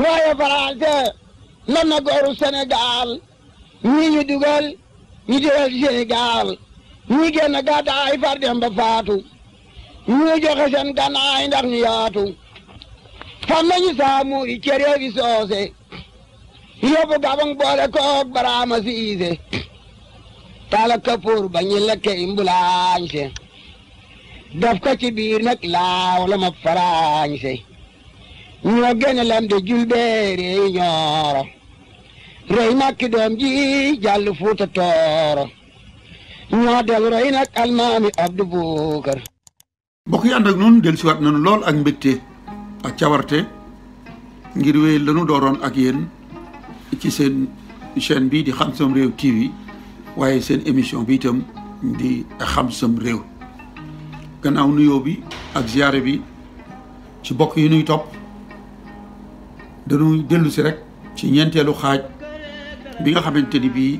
waaye Faranse man na gooru Sénégal ñi ñu dugal ñu dugal Sénégal ñi génn gàddaay far dem faatu ñu joxe seen gànnaay ndax ñu yaatu fam nañu saamuur yi cere bi gabang boole koog baraama siise tala kapoor ba ñu lekke imbulaañse daf ko ci biir laaw la ma faraañse ñoo gën a lam de julbeere ñooro rey makki doom ji jàll fuuta ñoo del rey nag almaami Abdu Buukar mbokk yi ànd ak noonu del siwaat nanu lool ak mbégte ak cawarte ngir wéy lanu dooroon ak yéen ci seen chaîne bi di Xam Sam Réew TV waaye seen émission bi tam di Xam Sam Réew gannaaw nuyoo bi ak ziyaare bi ci bokk yi nuy topp dañuy dellu si rek ci ñeenteelu xaaj bi nga xamante ni bii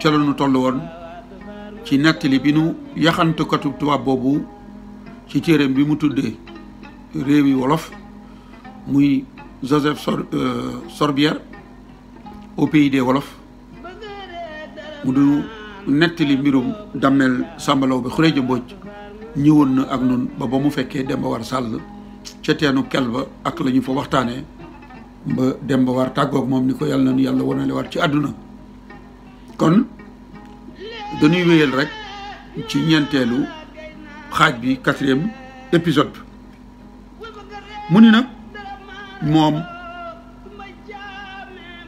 ca la ñu toll woon ci nettali bi nu yaxantukatu tubaab boobu ci téeréem bi mu tuddee réewi wolof muy Joseph euh, Sorbière au pays des wolof mu du nettali mbirum dammel sàmbalaw bi xureeja mbooj ñëwoon na ak noonu ba ba mu fekkee Demba War Sàll ca teenu kel ba ak la fa waxtaanee ba dem ba war tàggoog moom ni ko yàlla na nu yàlla wanale waat ci àdduna kon dañuy wéyal rek ci ñeenteelu xaaj bi quatrième épisode mu ni nag moom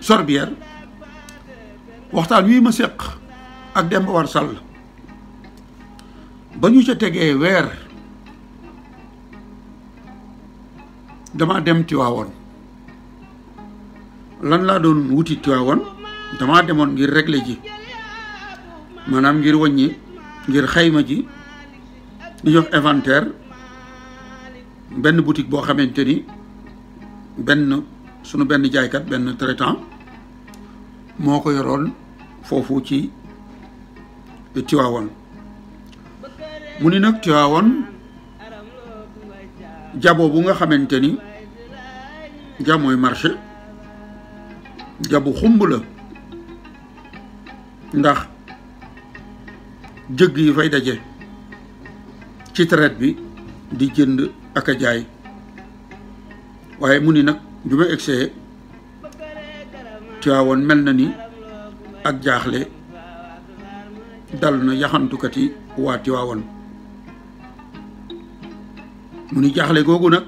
Sorbière waxtaan wii ma séq ak Demba War Sall ba ñu ca tegee weer dama dem Tiwaawoon lan laa doon wuti Tiwaawoon dama demoon ngir régler ji maanaam ngir wàññi ngir xayma ji ñu jox inventaire benn boutique boo xamante ni benn sunu benn jaaykat benn traitant moo ko yoroon foofu ci Tiwaawoon mu ni nag Tiwaawoon jabo bu nga xamante ni ja mooy jabu xumb la ndax jëgg yi fay daje ci traite bi di jënd ak a jaay waaye mu ni nag ju ma egsee Tiwaawoon mel na ni ak jaaxle dal na yaxantukat yi waa Tiwaawoon mu ni jaaxle googu nag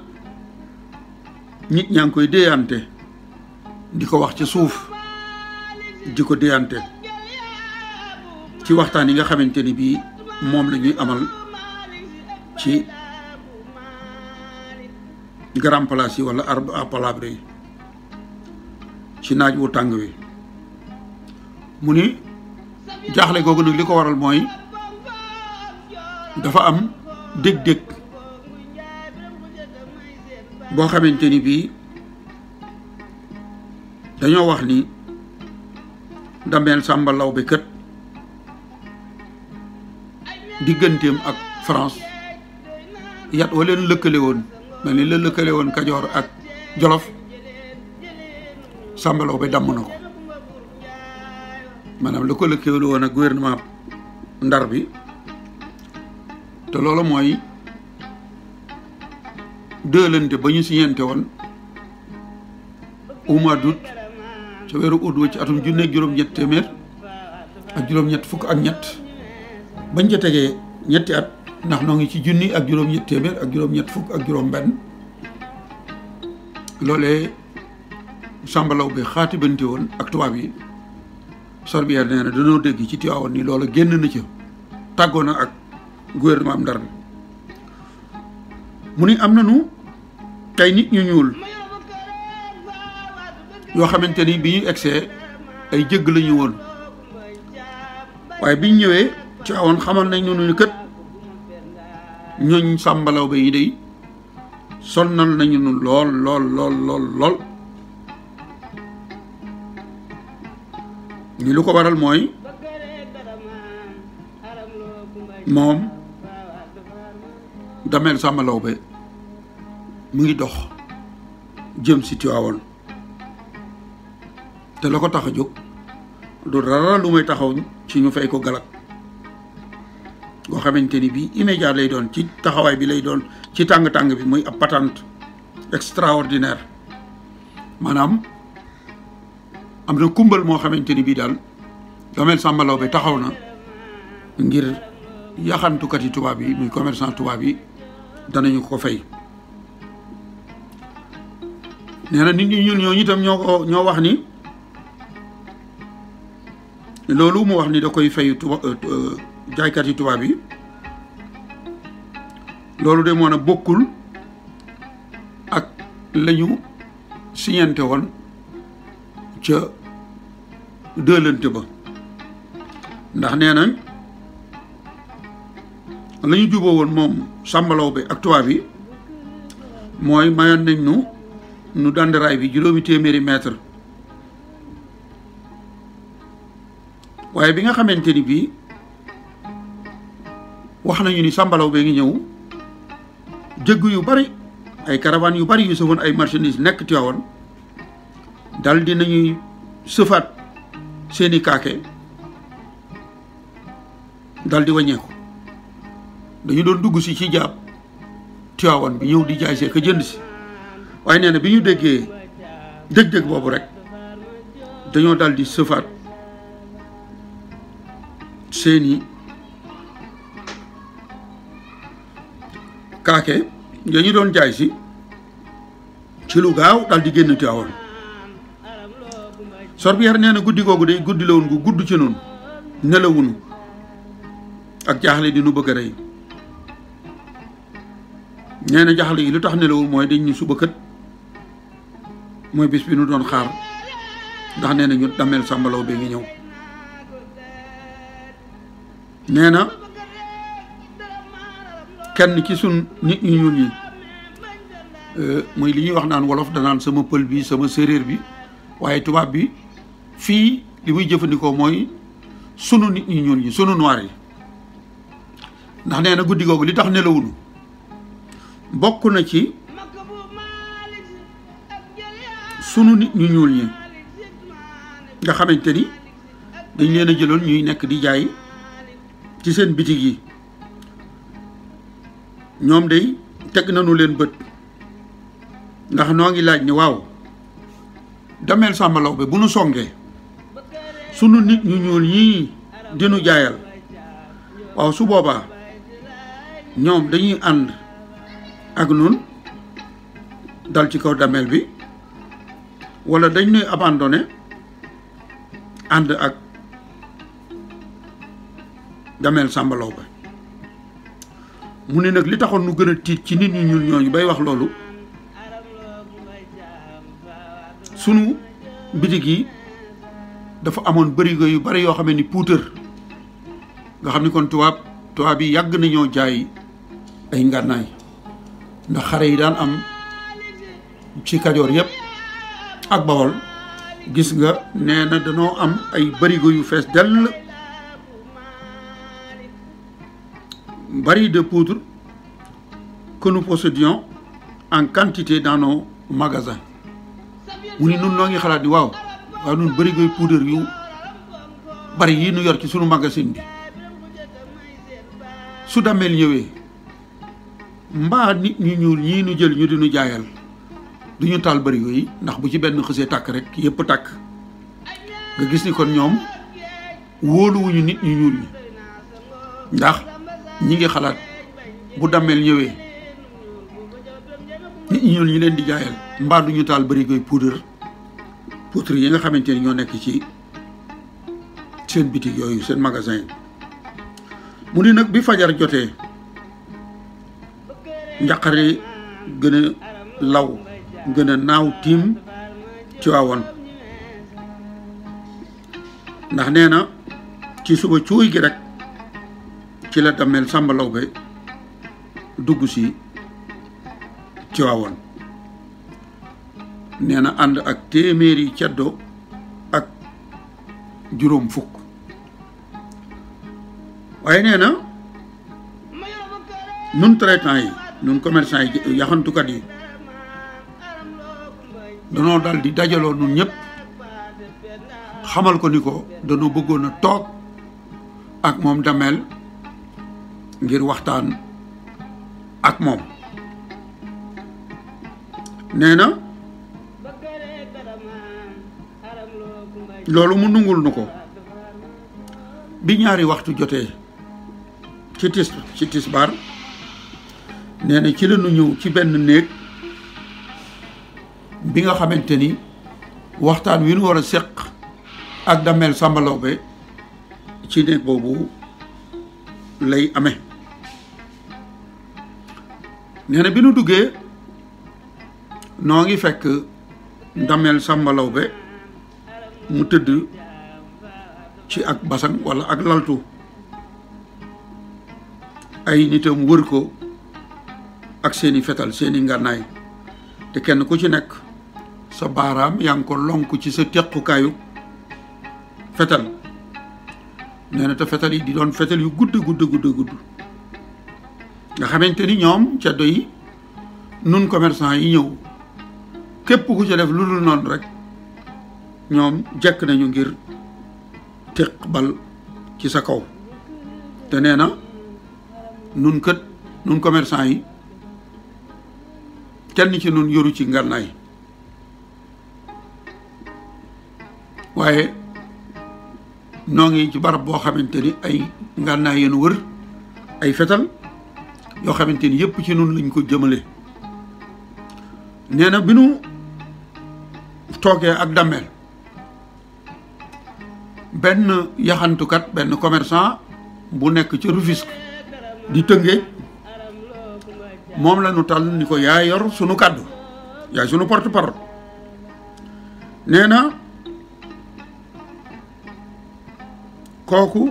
nit ñaa ngi koy déeyante di ko wax ci suuf di ko déeyante ci waxtaan yi nga xamante ni bii moom lañuy amal ci grand place yi wala arbre à palabre yi ci naaj wu tàng wi mu ni jaaxle googu nag li ko waral mooy dafa am dég-dég boo xamante ni bii dañoo wax ni Damel Samba bi kët digganteem ak France yat waleen leen lëkkale woon mel ni la lëkkale woon Kajoor ak Jolof Samba Laobé damm na ko maanaam lu ko lëkkale woon ak gouvernement Ndar bi te loolu mooy dëlante ba ñu siñeente woon au mois d'août ca weeru août wa ci atum junne juróom-ñett téeméer ak juróom-ñett fukk ak ñett bañ ca tegee ñetti at ndax noo ngi ci junni ak juróom-ñett téeméer ak juróom-ñett fukk ak juróom-benn loolee sàmbalaw bi xaatibante woon ak tubaab yi sorbière nee na dañoo dégg ci Tiwaawan ni loola génn na ca tàggoo na ak gouvernement am ndar mu ni am nanu tey nit ñu ñuul yoo xamante ni bi ñu egsee ay jëgg lañu woon waaye bi ñu ñëwee ci awoon xamal nañ ñu kët ñooñ sàmbalaw ba yi day sonnal nañu nu lool lool lool lool lu ko waral mooy moom dameel sàmbalaw be mu ngi dox jëm si Tiwaawoon te la ko tax a jóg du dara lu may taxaw ci ñu fay ko galak goo xamante ni bii immédiat lay doon ci taxawaay bi lay doon ci tàng-tàng bi muy ab patente extraordinaire maanaam am na kumbal moo xamante ni bii daal Damel Samba Laobé taxaw na ngir yaxantukat tubaab yi muy commerçant tubaab yi danañu ko fay nee nit ñu ñuul ñooñu itam ñoo ko ñoo wax ni loolu mu wax ni da koy fay tuba euh, euh, tubaab yi loolu de moo a bokkul ak lañu ñu woon ca dëlante ba ndax nee nañ la ñu juboo woon moom sàmbalaw bi ak tubaab yi mooy mayoon nañ nu nu dand raay bi juróomi téeméeri mètre waaye bi nga xamante ni bii wax nañu ni sàmbalaw bee ngi ñëw jëgg yu bari ay caravane yu bari yu sëfoon ay marchandises nekk Tiwaawan dal di nañuy sëfaat seeni kaake daldi di wàññeeku dañu doon dugg si ci jaab Tiwaawan bi ñëw di jaay see ka jënd si waaye nee na bi ñu déggee dëg-dëg boobu rek dañoo daldi di sëfaat seeni kaake ya ñu doon jaay si ci lu gaaw daldi génn Tiwaawan Sorbière nee na guddi googu day guddi la woon gu gudd ci noonu nelawunu ak jaaxle di nu bëgg rey nee na jaaxle yi lu tax nelawul mooy dañ suba kët mooy bis bi nu doon xaar ndax nee na ñu dameel sàmbalaw bee ngi ñëw nee na kenn ci sun nit ñu ñuul ñi euh, mooy li ñuy wax naan wolof danaan sama pël bi sama séeréer bi waaye tubaab bi fii li muy jëfandikoo mooy sunu nit ñu ñuul ñi sunu noir yi ndax nee na guddi googu li tax nelawunu bokk na ci sunu nit ñu ñuul ñi nga xamante ni dañ leen a jëloon ñuy nekk di jaay ci seen bitig yi ñoom day teg nañu leen bët ndax noo ngi laaj ni waaw dameel Samba bi bu nu songee sunu nit ñu ñuul ñii dinu jaayal waaw su boobaa ñoom dañuy ànd ak nun dal ci kaw dameel bi wala dañ ñuy abandonné ànd ak Damel Samba Laobé mu ne nag li taxoon nu gën a tiit ci nit ñi ñun ñooñu bay wax loolu sunu bitig yi dafa amoon bërigo yu bari yoo xam ni puutar nga xam ni kon tubaab tuwaab yi yàgg nañoo jaay ay ngànnaay ndax xare yi daan am ci Kajoor yépp ak Bawol gis nga nee na danoo am ay barigo yu fees dell bari de poudre que nous possédions en quantité dans nos magasins mu ni nun noo ngi xalaat di waaw waaw nun barigo yu yu bari yi nu yor ci sunu magasin bi su dameel ñëwee mbaa nit ñu ñuul ñii nu jël ñu di nu jaayal duñu taal bërigo yi ndax bu ci benn xësee tàkk rek yëpp tàkk nga gis ni kon ñoom wóoluwuñu nit ñu ñuul ñi ndax ñi ngi xalaat bu dammeel ñëwee nit ñu ñuul ñi leen di jaayal mbaa du ñu taal bërigo yi poudre poudre yi nga xamante ni ñoo nekk ci seen bitig yooyu seen magasin yi mu ni nag bi fajar jotee njaqare gën a law gën naaw tiim Tiwaawan ndax nee na ci suba cuuy gi rek ci la dameel Sàmba Lawbe dugg si Tiwaawan nee na ànd ak téeméeri ceddo ak juróom fukk waaye nee na nun traitants yi nun commerçant yi yaxantukat yi danoo dal di dajaloo nun ñëpp xamal ko ni ko danoo bëggoon a toog ak moom Damel ngir waxtaan ak moom nee na loolu mu nungul nu ko bi ñaari waxtu jotee ci tis ci tisbaar nee na ci la ñëw ci benn néeg bi nga xamante ni waxtaan wi nu war a seq ak Damel Samba Laobé ci néeg boobu lay ame nee bi nu duggee noo ngi fekk Damel Samba Laobé mu tëdd ci ak basang walla ak laltu ay nitam wër ko ak seeni fetal seeni ngànnaay te kenn ku ci nekk sa baaraam yaa ngi ko lonk ci sa tequkaayu fetal nee na te fetal yi di doon fetal yu gudd gudd gudd gudd nga xamante ni ñoom ceddo yi nun commerçant yi ñëw képp ku ca def lu dul noonu rek ñoom jekk nañu ngir teq bal ci sa kaw te nee na nun kët nun commerçant yi kenn ci nun yoru ci ngànnaay waaye noo ngi ci barab boo xamante ni ay ngànnaay yéen wër ay fetal yoo xamante ni yëpp ci nun lañ ko jëmale nee bi nu toogee ak dammeel benn yaxantukat benn commerçant bu nekk ci Rufisque di tëngee moom la ñu tal ni ko yaa yor sunu kàddu yaay sunu porte-parole nee kooku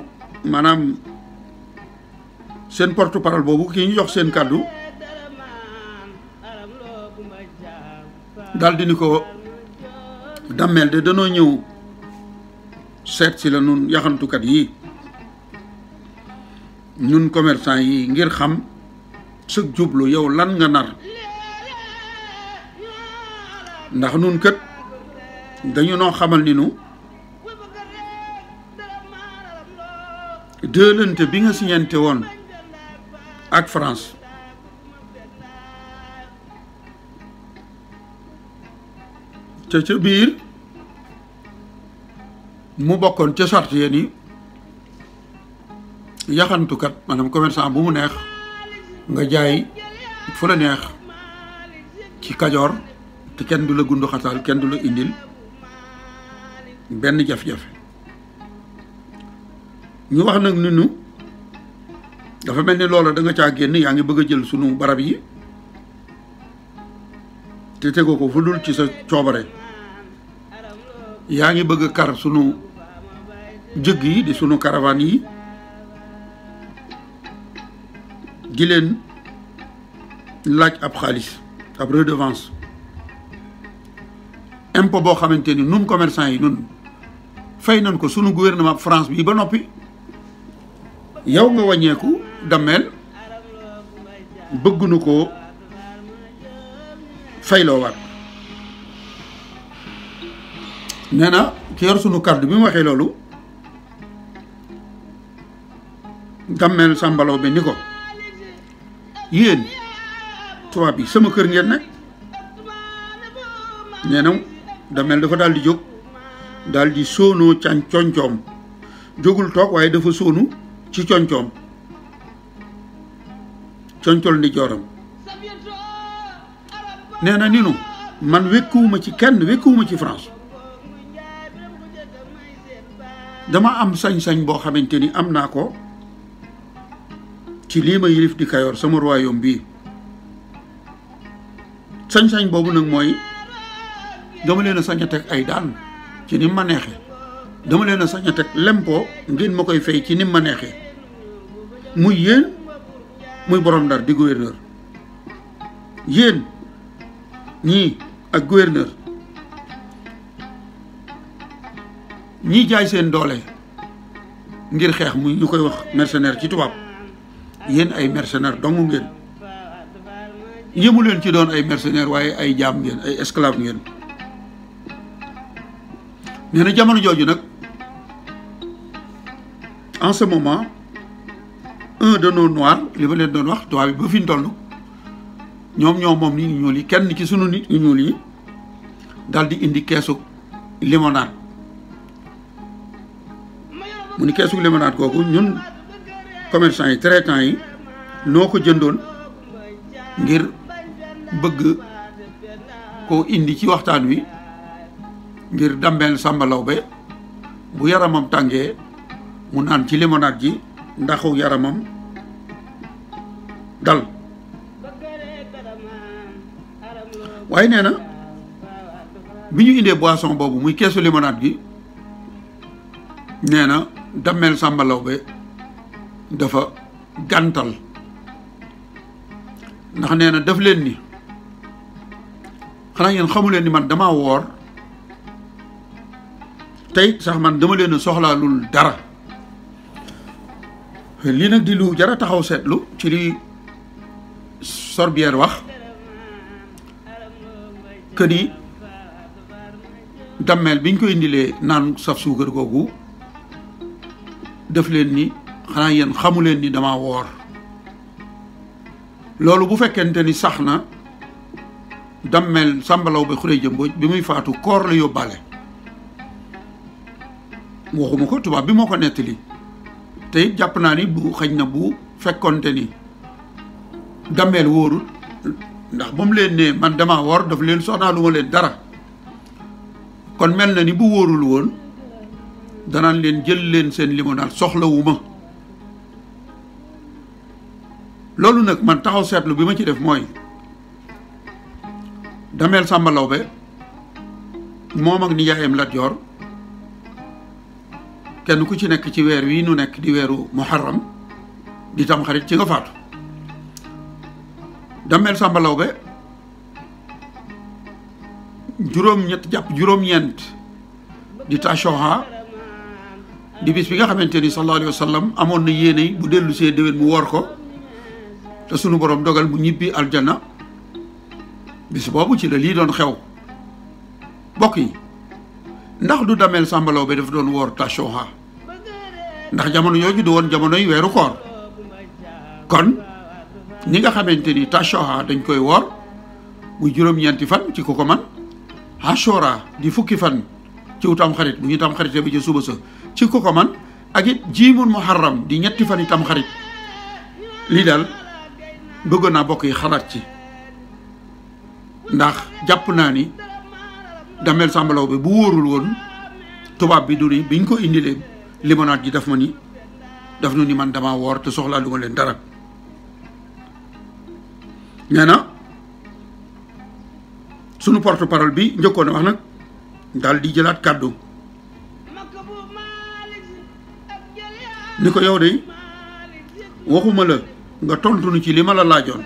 maanaam seen porte parole boobu kii ñu jox seen kàddu daldi ni ko dammel de danoo ñëw seet si la nun yaxantukat yi ñun commerçant yi ngir xam sëg jublu yow lan nga nar ndax nun kët dañu noo xamal ni nu dëlante bi nga siñante woon ak France te ca biir mu bokkoon ca sart ya yaxantukat maanaam commerçant bu mu neex nga jaay fu la neex ci Kajoor te kenn du la gundu xataal kenn du la indil benn jafe-jafe ñu wax nag ni nu dafa mel ni loola da nga caa génn yaa ngi bëgg a jël sunu barab yi te tegoo ko fu dul ci sa coobare yaa ngi bëgg a kar sunu jëgg yi di sunu caravane yi di leen laaj ab xaalis ab redevance impôt boo xamante ni nun commerçant yi nun fay nañ ko sunu gouvernement France bi ba noppi yow nga wàññeeku dammel bëggunu koo fayloo waat nee na ki yor sunu kàddu bi mu waxee loolu dammel sàmbaloo bi ni ko yéen tubaab yi sama kër ngeen ne nee na dammel dafa daal di jóg daldi di sóonoo can coñcoom jógul toog waaye dafa sóonu ci concoom concol ndi jooram nee na ninu man wékkuwuma ci kenn wékkuwuma ci France dama am sañsañ boo xamante ni am naa ko ci lii ma yilif di Kayoor sama royaume bii sañsañ boobu nag mooy dama leen a ay daan ci ni ma neexee dama leen a sañ a lempo ngeen ma koy fay ci ni ma neexee muy yéen muy borom ndar di gouverneur yéen ñii ak gouverneur ñii jaay seen doole ngir xeex muy ñu koy wax mercenaire ci tubaab yéen ay mercenaire dong ngeen yëmu leen ci doon ay mercenaire waaye ay jaam ngeen ay esclave ngeen nee jamono jooju nag en ce moment un de nos noirs li ma leen doon wax tubaab bi ba fi ñu toll ñoom ñoo moom nit ñu ñuul yi kenn ci sunu nit ñu ñuul yi daal indi keesu limonaat mu ni keesu limonade kooku ñun commerçant yi traitant yi noo ko jëndoon ngir bëgg koo indi ci waxtaan wi ngir dambeel sàmbalaw be bu yaramam tàngee mu naan ci limonaat ji ndaxu yaramam dal waaye nee na bi ñu indee boisson boobu muy keesu limonade gi nee na dammel sàmbalaw be dafa gàntal ndax nee na daf leen ni xanaa ngeen xamu leen ni man damaa woor tey sax man dama leen soxlaalul dara lii nag di lu jar a taxaw seetlu ci li Sorbière wax que ni dammeel biñ ko indilee naan saf suukar googu def leen ni xanaa yéen xamu leen ni dama woor loolu bu fekkente ni sax na dammeel sàmbalaw ba xuree jëmbooj bi muy faatu koor la yóbbaale waxuma ko tubaab bi moo ko nettali tey jàpp naa ni bu xëj na bu fekkonte ni gàmmeel wóorul ndax ba leen ne man dama woor daf leen soxlaaluma leen dara kon mel na ni bu wóorul woon danaan leen jël leen seen limonaat soxlawuma loolu nag man taxaw seetlu bi ma ci def mooy dameel Sàmba Lawbe moom ak nijaayam Lat Joor kenn ku ci nekk ci weer wii nu nekk di weeru muharram di tam xarit ci nga faatu Damel Samba Lawbe juróom-ñett jàpp juróom-ñeent di tashoha di bis bi nga xamante ni sallallahu alayhi amoon na yéene bu dellu see déwén mu woor ko te sunu borom dogal mu ñibbi aljana bis boobu ci la lii doon xew bokk yi ndax du dameel sàmbalaw bi daf doon woor tashooha ndax jamono yooyu du woon jamono weeru koor kon ñi nga xamante ni tashooha dañ koy woor muy juróom-ñeenti fan ci ku ko man ashora di fukki fan ci tam xarit bu ñu tam xaritee bi ci suba sa ci ku ko man ak it jiimul muharram di ñetti fan yi tam xarit lii daal bëggoon naa bokk yi xalaat ci ndax jàpp naa ni dameel sàmbalaw bi bu wóorul woon tubaab bi du ni biñ ko indilee limonaat ji daf ma ni daf nu ni man damaa woor te soxlaa lu ma leen dara nee na sunu porte parole bi njëkkoon a wax nag daal jëlaat kàddu ni ko yow de waxuma la nga tontu nu ci li ma la laajoon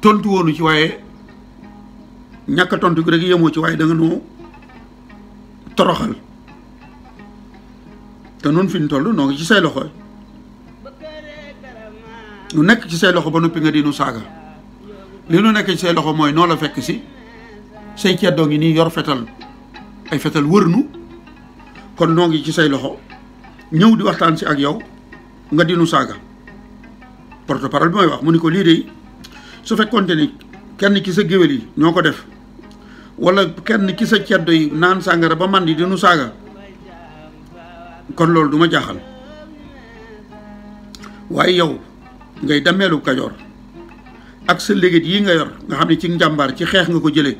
tontu woonu ci waaye ñàkk a tontu rek yemoo ci waaye da nga noo toroxal te noonu fi ñu toll noo ngi ci say loxo nu nekk ci say loxo ba noppi nga di nu li nu nekk ci loxo mooy noo la fekk si say ceddoo ngi nii yor fetal ay fetal wër nu kon noo ngi ci say loxo ñëw di waxtaan si ak yow nga dinu nu saaga porte-parole bi may wax mu ni ko lii de su fekkoonte ni kenn ci sa géwél yi ñoo ko def wala kenn ci sa ceddo yi naan sàngara ba man di dinu saaga kon loolu du ma jaaxal waaye yow ngay dameelu kajoor ak sa légét yi nga yor nga xam ne ci njàmbaar ci xeex nga ko jële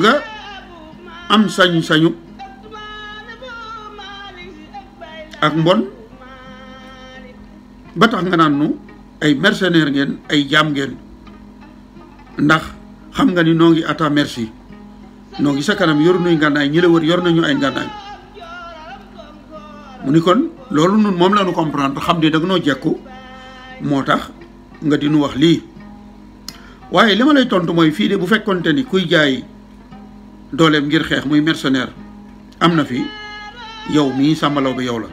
nga am sañ-sañu ak mbon ba tax nga naan nu ay mercenaire ngeen ay jaam ngeen ndax xam nga ni noo ngi ata merci noo ngi sa kanam yor nuy ngànnaay ñi la wër yor nañu ay ngànnaay mu ni kon loolu nun moom la nu comprendre xam ne dag noo jekku moo tax nga dinu wax lii waaye li ma lay tontu mooy fii de bu fekkoonte ni kuy jaay dooleem ngir xeex muy mercenaire am na fi yow mii sàmbalaw bi yow la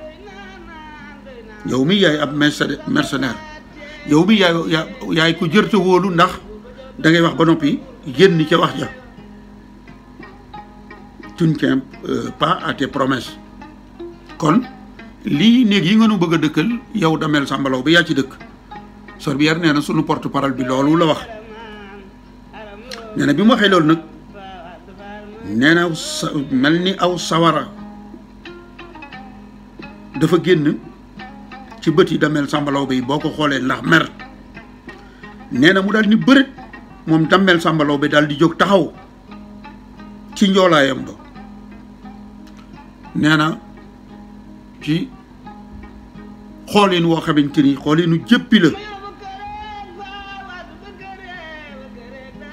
yow mii yaay ab mercenaire yow bi yaay yaay ko jërte wóolu ndax da ngay wax ba noppi génn ca wax ja tu ne tiens euh, pas à tes kon lii néeg yi nga nu bëgg a dëkkal yow dameel sàmbalaw bi yaa ci dëkk Sorbière nee na sunu porte-parole bi loolu la wax nee na bi mu waxee loolu nag nee na mel ni aw sawara dafa génn ci bët yi dammel Samba bi boo ko xoolee ndax mer nee na mu daal ni bërit moom dammel Samba bi daal di jóg taxaw ci njoolaayam ba nee na ci xoolin woo xamante ni xoolinu jëppi la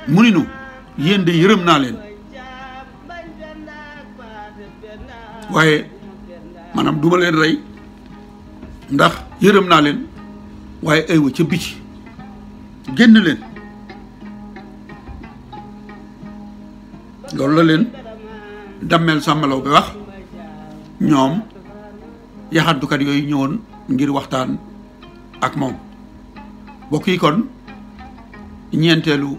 mu ni nu yéen de yërëm naa leen waaye maanaam duma leen rey ndax yërëm naa leen waaye aywa ca biti génn leen loolu la leen dammel sàmmalaw bi wax ñoom yaxantukat yooyu ñëwoon ngir waxtaan ak moom bokk yi kon ñeenteelu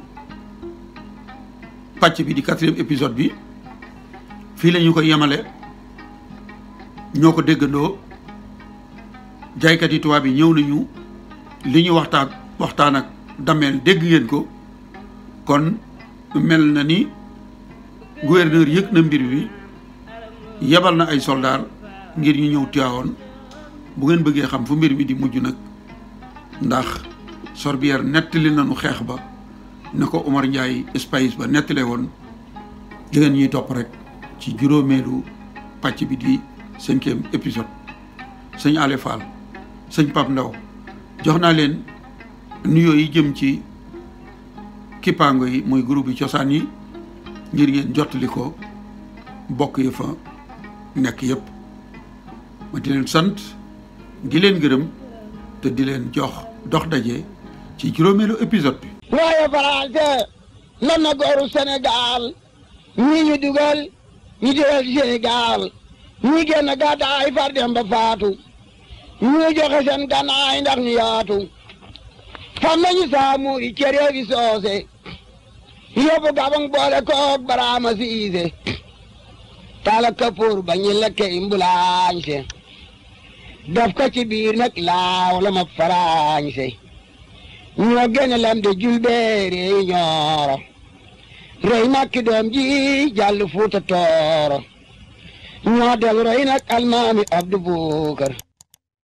pàcc bi di quatrième épisode bi fii lañu ko yemale ñoo ko déggandoo jaaykat yi tubaab yi ñëw nañu li ñu waxtaan waxtaan ak dameel dégg ngeen ko kon mel na ni gouverneur yëg na mbir bi yebal na ay soldaar ngir ñu ñëw Tiwaawoon bu ngeen bëggee xam fu mbir mi di mujj nag ndax Sorbière nettali nañu xeex ba na ko Omar njaay Espace ba nettalee woon dangeen ñuy topp rek ci juróomeelu pàcc bi di cinquième épisode sëñ Ale Fall sëñ Pape Ndaw jox naa leen nuyoo yi jëm ci kippaango yi mooy groupe yi cosaan yi ngir ngeen jottali ko bokk yi fa nekk yépp ma di leen sant di leen gërëm te di leen jox dox daje ci juróomeelu épisode bi waaye français lan na gooru Sénégal ñu dugal ñu dugal Sénégal ñi génn gàddaay far dem ba faatu ñu joxe seen gànnaay ndax ñu yaatu fam nañu saamu i cereefi soose yóbbu gabang boole koog baraama siise tala kapoor ba ñu lekke imbulaañse daf ko biir nag laaw ma faraañse ñoo gene lam de julbeere yi ñooro rey makki doom ji jàll fuuta tooro ñoo del roy nag almaami abdu buukar